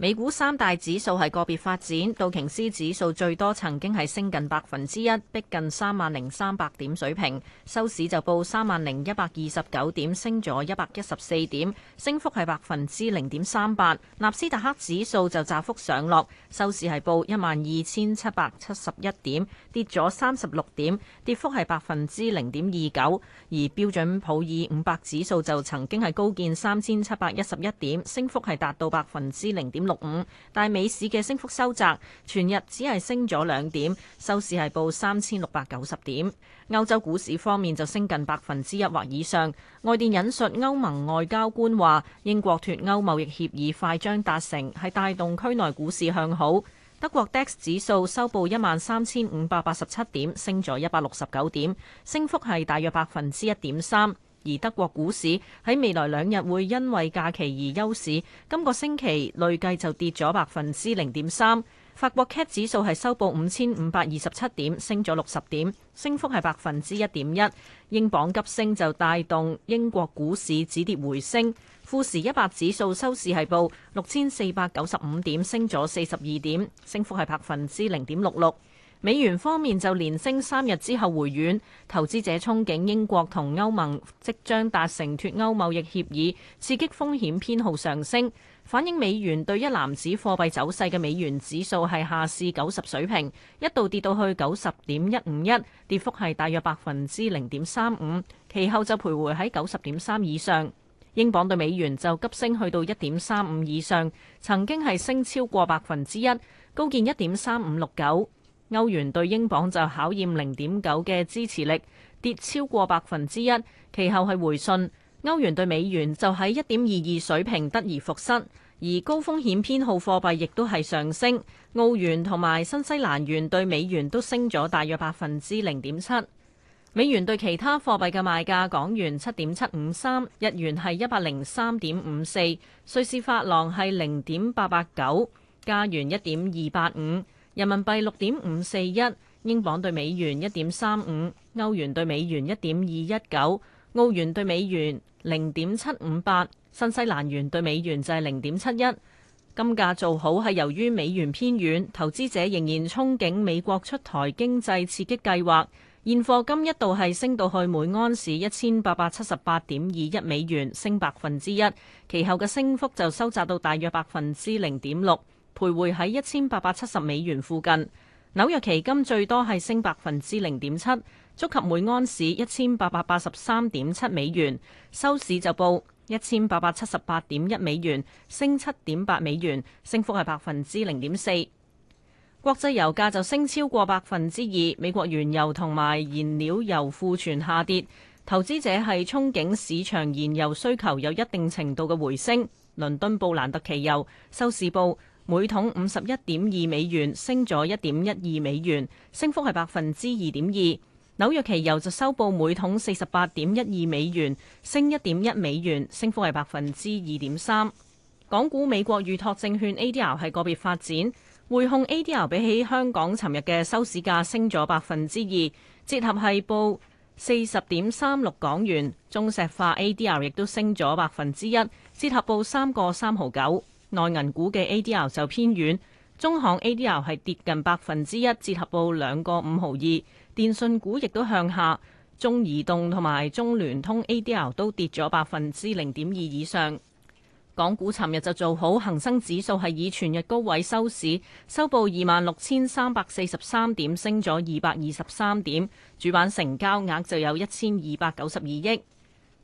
美股三大指數係個別發展，道瓊斯指數最多曾經係升近百分之一，逼近三萬零三百點水平，收市就報三萬零一百二十九點，升咗一百一十四點，升幅係百分之零點三八。納斯達克指數就窄幅上落，收市係報一萬二千七百七十一點，跌咗三十六點，跌幅係百分之零點二九。而標準普爾五百指數就曾經係高見三千七百一十一點，升幅係達到百分之零點六五，但美市嘅升幅收窄，全日只係升咗兩點，收市係報三千六百九十點。歐洲股市方面就升近百分之一或以上。外電引述歐盟外交官話，英國脫歐貿易協議快將達成，係帶動區內股市向好。德國 DAX 指數收報一萬三千五百八十七點，升咗一百六十九點，升幅係大約百分之一點三。而德國股市喺未來兩日會因為假期而休市，今個星期累計就跌咗百分之零點三。法國 CAC 指數係收報五千五百二十七點，升咗六十點，升幅係百分之一點一。英鎊急升就帶動英國股市止跌回升，富時一百指數收市係報六千四百九十五點，升咗四十二點，升幅係百分之零點六六。美元方面就連升三日之後回軟，投資者憧憬英國同歐盟即將達成脫歐貿易協議，刺激風險偏好上升，反映美元對一籃子貨幣走勢嘅美元指數係下試九十水平，一度跌到去九十點一五一，跌幅係大約百分之零點三五，其後就徘徊喺九十點三以上。英鎊對美元就急升去到一點三五以上，曾經係升超過百分之一，高見一點三五六九。歐元對英鎊就考驗零點九嘅支持力，跌超過百分之一。其後係回升。歐元對美元就喺一點二二水平得而復失，而高風險偏好貨幣亦都係上升。澳元同埋新西蘭元對美元都升咗大約百分之零點七。美元對其他貨幣嘅賣價：港元七點七五三，日元係一百零三點五四，瑞士法郎係零點八八九，加元一點二八五。人民幣六點五四一，英鎊兌美元一點三五，歐元兌美元一點二一九，澳元兌美元零點七五八，新西蘭元兌美元就係零點七一。金價做好係由於美元偏軟，投資者仍然憧憬美國出台經濟刺激計劃。現貨金一度係升到去每盎司一千八百七十八點二一美元，升百分之一，其後嘅升幅就收窄到大約百分之零點六。徘徊喺一千八百七十美元附近。紐約期金最多係升百分之零點七，觸及每安士一千八百八十三點七美元。收市就報一千八百七十八點一美元，升七點八美元，升幅係百分之零點四。國際油價就升超過百分之二，美國原油同埋燃料油庫存下跌，投資者係憧憬市場燃油需求有一定程度嘅回升。倫敦布蘭特期油收市報。每桶五十一點二美元，升咗一點一二美元，升幅係百分之二點二。紐約期油就收報每桶四十八點一二美元，升一點一美元，升幅係百分之二點三。港股美國預託證券 ADR 係個別發展，匯控 ADR 比起香港尋日嘅收市價升咗百分之二，折合係報四十點三六港元。中石化 ADR 亦都升咗百分之一，折合報三個三毫九。內銀股嘅 ADR 就偏軟，中行 ADR 係跌近百分之一，折合報兩個五毫二。電信股亦都向下，中移動同埋中聯通 ADR 都跌咗百分之零點二以上。港股尋日就做好，恒生指數係以全日高位收市，收報二萬六千三百四十三點，升咗二百二十三點。主板成交額就有一千二百九十二億。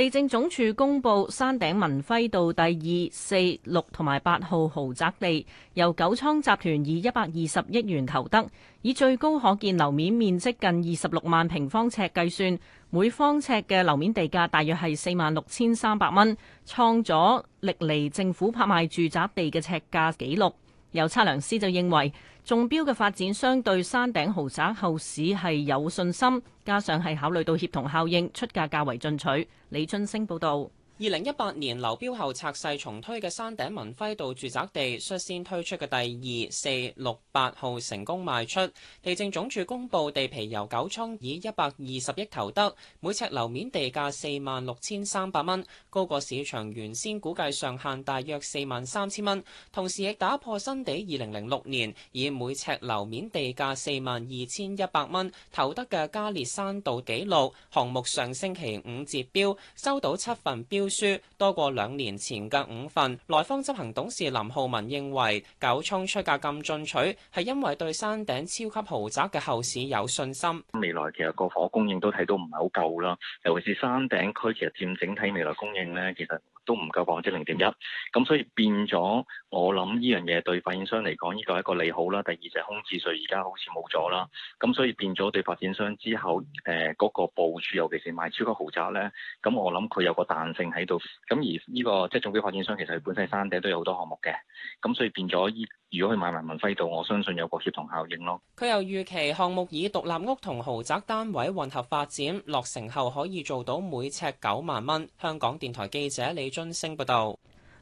地政總署公布山頂文輝道第二四六同埋八號豪宅地，由九倉集團以一百二十億元投得，以最高可建樓面面積近二十六萬平方尺計算，每方尺嘅樓面地價大約係四萬六千三百蚊，創咗歷嚟政府拍賣住宅地嘅尺價紀錄。有測量師就認為。中標嘅發展商對山頂豪宅後市係有信心，加上係考慮到協同效應，出價較為進取。李俊升報導。二零一八年流標後拆細重推嘅山頂文輝道住宅地率先推出嘅第二四六八號成功賣出，地政總署公布地皮由九倉以一百二十億投得，每尺樓面地價四萬六千三百蚊，高過市場原先估計上限大約四萬三千蚊，同時亦打破新地二零零六年以每尺樓面地價四萬二千一百蚊投得嘅加列山道紀錄。項目上星期五截標，收到七份標。多過兩年前嘅五份，萊坊執行董事林浩文認為，九倉出價咁進取，係因為對山頂超級豪宅嘅後市有信心。未來其實個火供應都睇到唔係好夠啦，尤其是山頂區，其實佔整體未來供應呢。其實。都唔夠百分之零點一，咁所以變咗，我諗呢樣嘢對發展商嚟講，呢個係一個利好啦。第二就係空置稅而家好似冇咗啦，咁所以變咗對發展商之後，誒、呃、嗰、那個部署，尤其是賣超級豪宅咧，咁我諗佢有個彈性喺度。咁而呢、這個即係仲有啲發展商其實本身山頂都有好多項目嘅，咁所以變咗依。如果佢買埋文輝度，我相信有個協同效應咯。佢又預期項目以獨立屋同豪宅單位混合發展，落成後可以做到每尺九萬蚊。香港電台記者李津升報導。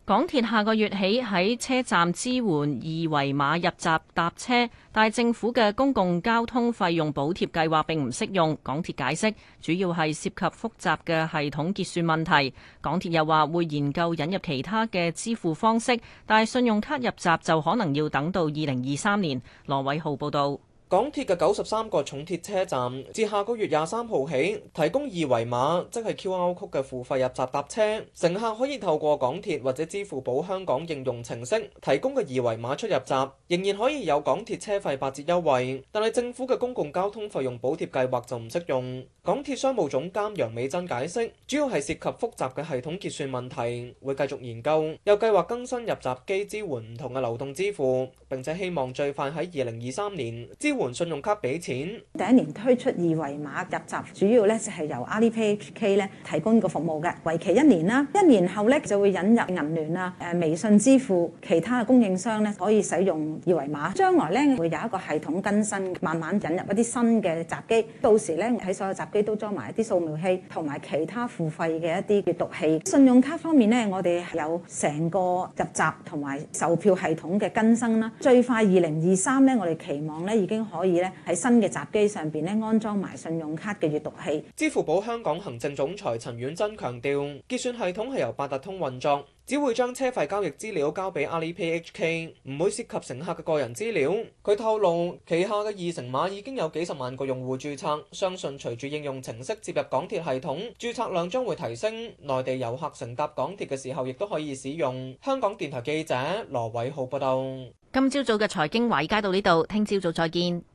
港鐵下個月起喺車站支援二維碼入閘搭車，但政府嘅公共交通費用補貼計劃並唔適用。港鐵解釋，主要係涉及複雜嘅系統結算問題。港鐵又話會研究引入其他嘅支付方式，但係信用卡入閘就可能要等到二零二三年。羅偉浩報導。港鐵嘅九十三個重鐵車站，自下個月廿三號起提供二維碼，即係 QR code 嘅付費入閘搭車。乘客可以透過港鐵或者支付寶香港應用程式提供嘅二維碼出入閘，仍然可以有港鐵車費八折優惠。但係政府嘅公共交通費用補貼計劃就唔適用。港鐵商務總監楊美珍解釋，主要係涉及複雜嘅系統結算問題，會繼續研究，又計劃更新入閘機支援唔同嘅流動支付，並且希望最快喺二零二三年支換信用卡俾錢。第一年推出二維碼入閘，主要咧就係由 AlipayHK 咧提供個服務嘅，為期一年啦。一年後咧就會引入銀聯啦，誒微信支付其他嘅供應商咧可以使用二維碼。將來咧會有一個系統更新，慢慢引入一啲新嘅閘機。到時咧喺所有閘機都裝埋一啲掃描器同埋其他付費嘅一啲閱讀器。信用卡方面咧，我哋有成個入閘同埋售票系統嘅更新啦。最快二零二三咧，我哋期望咧已經。可以咧喺新嘅閘機上邊咧安裝埋信用卡嘅閲讀器。支付寶香港行政總裁陳婉珍強調，結算系統係由八達通運作，只會將車費交易資料交俾阿里 Pay HK，唔會涉及乘客嘅個人資料。佢透露，旗下嘅二乘碼已經有幾十萬個用戶註冊，相信隨住應用程式接入港鐵系統，註冊量將會提升。內地遊客乘搭港鐵嘅時候，亦都可以使用。香港電台記者羅偉浩報道。今朝早嘅財經華爾街到呢度，聽朝早再見。